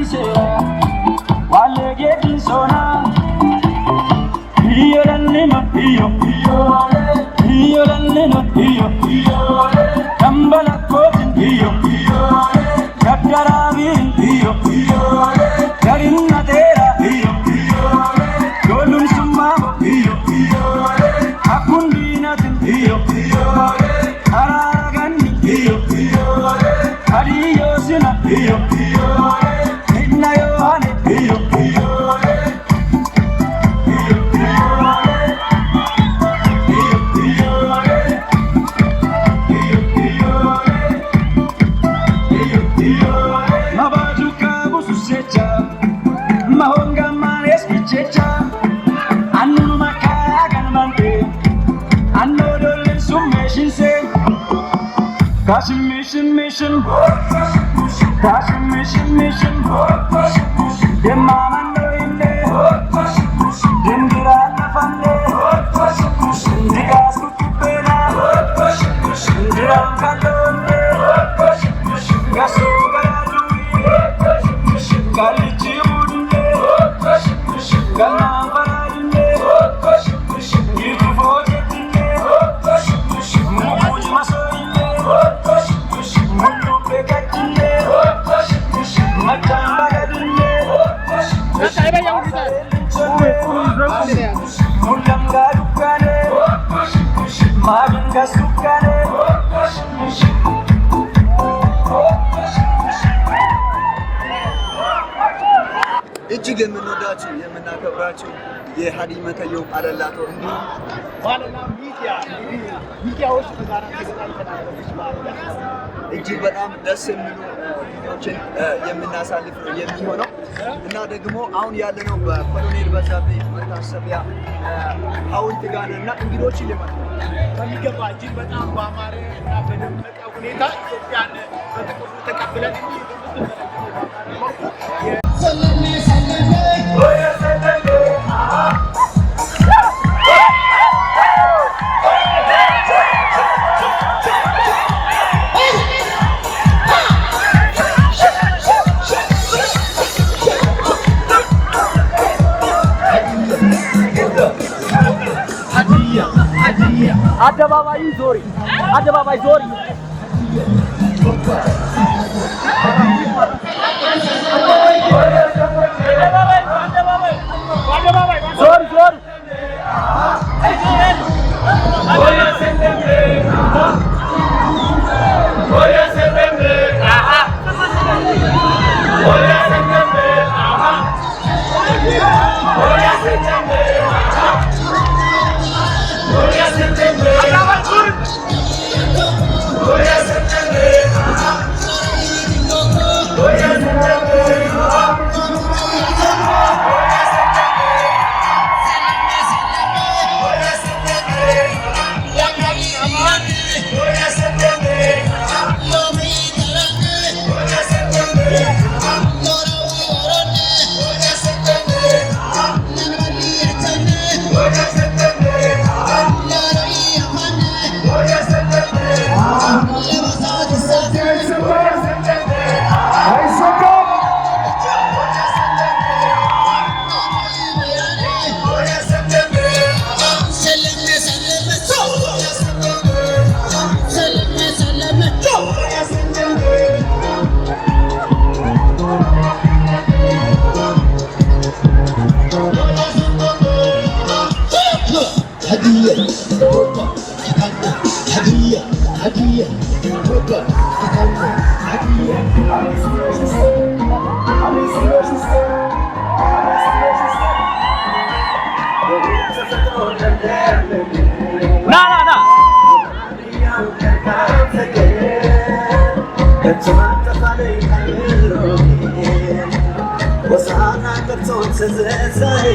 dice, wale ge dinsona. Iyo danne no iyo iyo iyo danne no iyo iyo kambala ko iyo iyo chattaravi iyo iyo Taşın mission mission Taşın mission mission Demana ናቸው። የሀዲ መተየው አለላቶ እንዲሁም ባለላ ሚዲያ ሚዲያዎች በጋራ እጅግ በጣም ደስ የሚሉ ችን የምናሳልፍ ነው የሚሆነው እና ደግሞ አሁን ያለነው በኮሎኔል በዛብህ መታሰቢያ ሐውልት ጋር ነው እና እንግዶችን ልመት ከሚገባ እጅግ በጣም በአማረ እና በደመቀ ሁኔታ ኢትዮጵያን በጥቅሙ ተቀብለን አደባባይ ዞሪ፣ አደባባይ ዞሪ ሆሳዕና ቅርጾን ስዘዛይ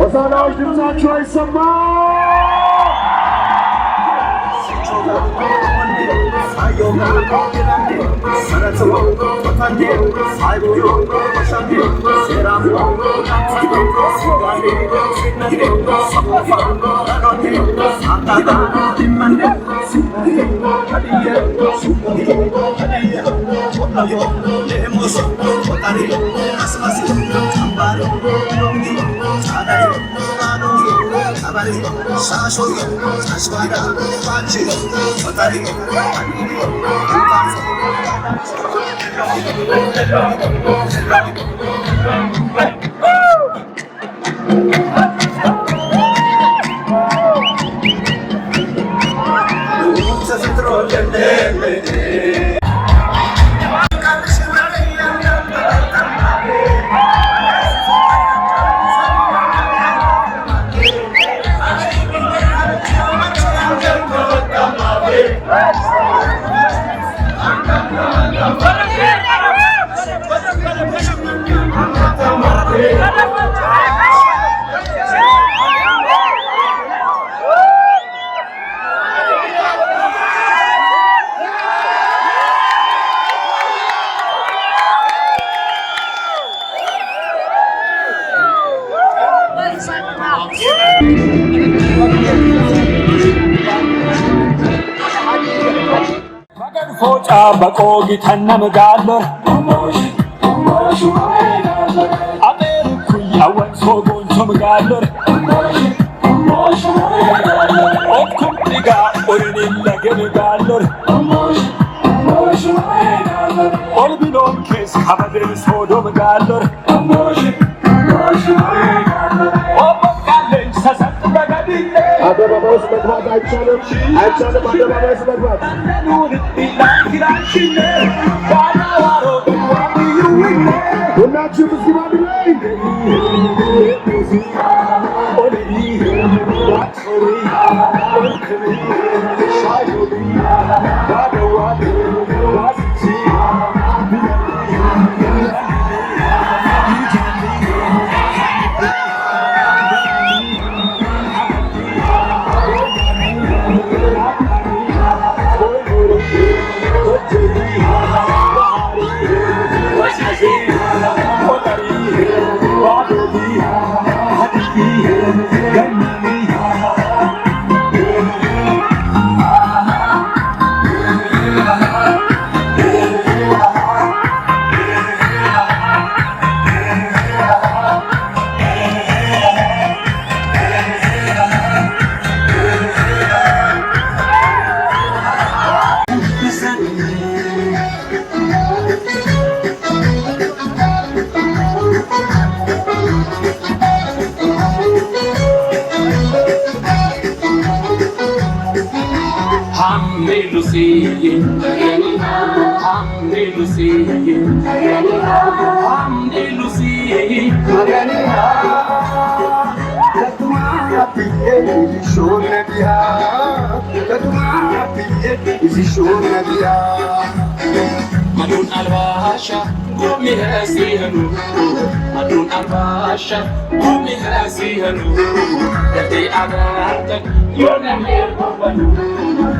ሆሳናዎች ድምፃችሁ አይሰማ 용기란데 사랑스러워 못한데 살고요 못한데 세라고 낙지도 생각이 생각이 섭섭한 나한테 산다가 입만데 숨기게 하리게 숨기게 하리게 못하게 내 모습 못하리 마스마스 잠바로 용기 పదిలో శాశ్వత శాశ్వత పాచిలో పదరిలో అన్నిలో Thank you. Magan foca bako gitannam gaador Ader kuyyawan sogon chom gaador Okkum diga orinilla gemi gaador Olbilom kes kabadel sodom gaador Amosh, amosh, አደባባ ውስጥ መግባት አይቻልም፣ አይቻልም አደባባ ውስጥ መግባት ሁላችሁም እስኪ ባድ نسيت حمد نسيت حمد نسيت شورنا بها تدمع في يدي شورنا بها مدون الباشا قومي هاسيها نور مدون الباشا قومي هاسيها نور يدي أغارتك يونا حير قوة نور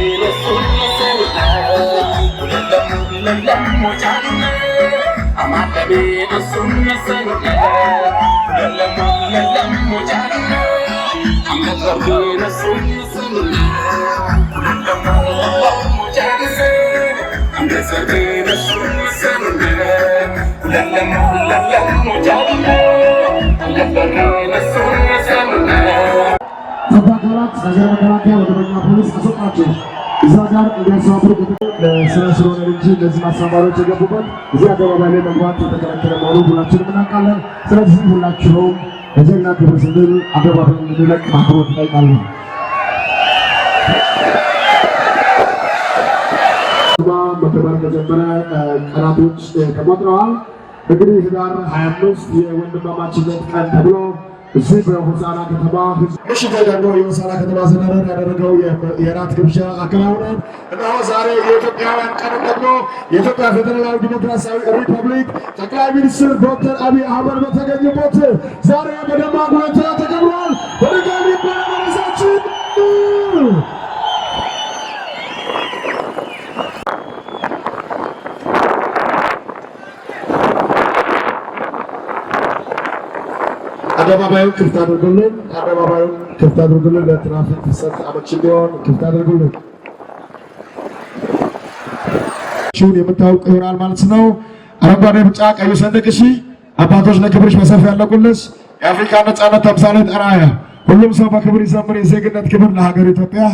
لما لما مجرد لما رسول سمنا ጥበቃ አካላት አገር መከላከያ መደበኛ ፖሊስ አስወጣቸው። እዛ ጋር እንዲያሰባብሩ ስራ ስለሆነ እንጂ እነዚህ ማስተባበሪያዎች የገቡበት እዚህ አደባባይ ላይ መግባት የተከለከለ መሆኑ ሁላችንም እናውቃለን። ስለዚህ ሁላችሁም በጀግና ክብር ስንል አደባባይ እንድንለቅ በአክብሮት እንጠይቃለን። መከበር ከጀመረ ቀናቶች ተቆጥረዋል። እንግዲህ ህዳር 25 የወንድማማችነት ቀን ተብሎ እዚህ በሆሳዕና ከተማ ምሽት ደግሞ የሆሳዕና ከተማ አስተዳደር ያደረገው የራት ግብዣ አከናውናል። እነሆ ዛሬ የኢትዮጵያውያን ቀን ደግሞ የኢትዮጵያ ፌዴራላዊ ዲሞክራሲያዊ ሪፐብሊክ ጠቅላይ ሚኒስትር ዶክተር አብይ አህመድ በተገኙበት ዛሬ በደማቅ ሁኔታ ተከብሯል። በድጋሚ ይባላል አደባባዩን ክፍት አድርጉልን። አደባባዩን ክፍት አድርጉልን። ለትራፊክ ፍሰት አመች እንዲሆን ክፍት አድርጉልን። የምታውቅ ይሆናል ማለት ነው። አረንጓዴ፣ ቢጫ፣ ቀይ ሰንደቅ እሺ። አባቶች ለክብርሽ በሰፊ ያለቁልሽ። የአፍሪካ ነጻነት ተምሳሌት አርአያ፣ ሁሉም ሰው በክብር ይዘምር። የዜግነት ክብር ለሀገር ኢትዮጵያ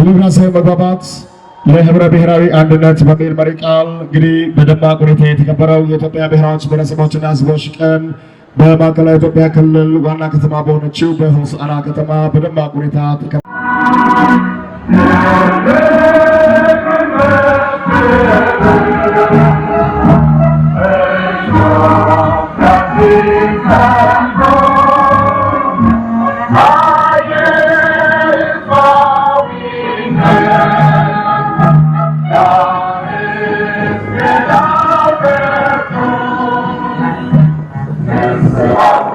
የህብረተሰብ መግባባት ለህብረ ብሔራዊ አንድነት በሚል መሪ ቃል እንግዲህ በደማቅ ሁኔታ የተከበረው የኢትዮጵያ ብሔሮች ብሔረሰቦችና ህዝቦች ቀን በማዕከላዊ ኢትዮጵያ ክልል ዋና ከተማ በሆነችው በሆሳዕና ከተማ በደማቅ ሁኔታ ተከ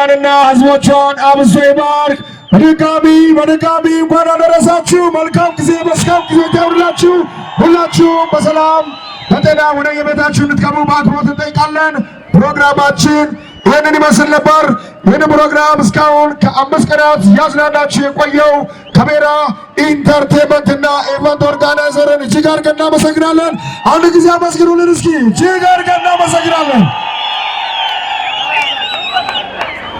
ኢትዮጵያንና ሕዝቦቿን አብዝቶ ይባርክ። በድጋሚ በድጋሚ እንኳን አደረሳችሁ። መልካም ጊዜ፣ መልካም ጊዜ ተውላችሁ። ሁላችሁም በሰላም በጤና ወደ የቤታችሁ እንድትገቡ በአክብሮት እንጠይቃለን። ፕሮግራማችን ይህንን ይመስል ነበር። ይህን ፕሮግራም እስካሁን ከአምስት ቀናት ያዝናናችሁ የቆየው ከቤራ ኢንተርቴንመንት እና ኢቨንት ኦርጋናይዘርን እጅግ አድርገን እናመሰግናለን። አንድ ጊዜ አመስግኑልን እስኪ። እጅግ አድርገን እናመሰግናለን።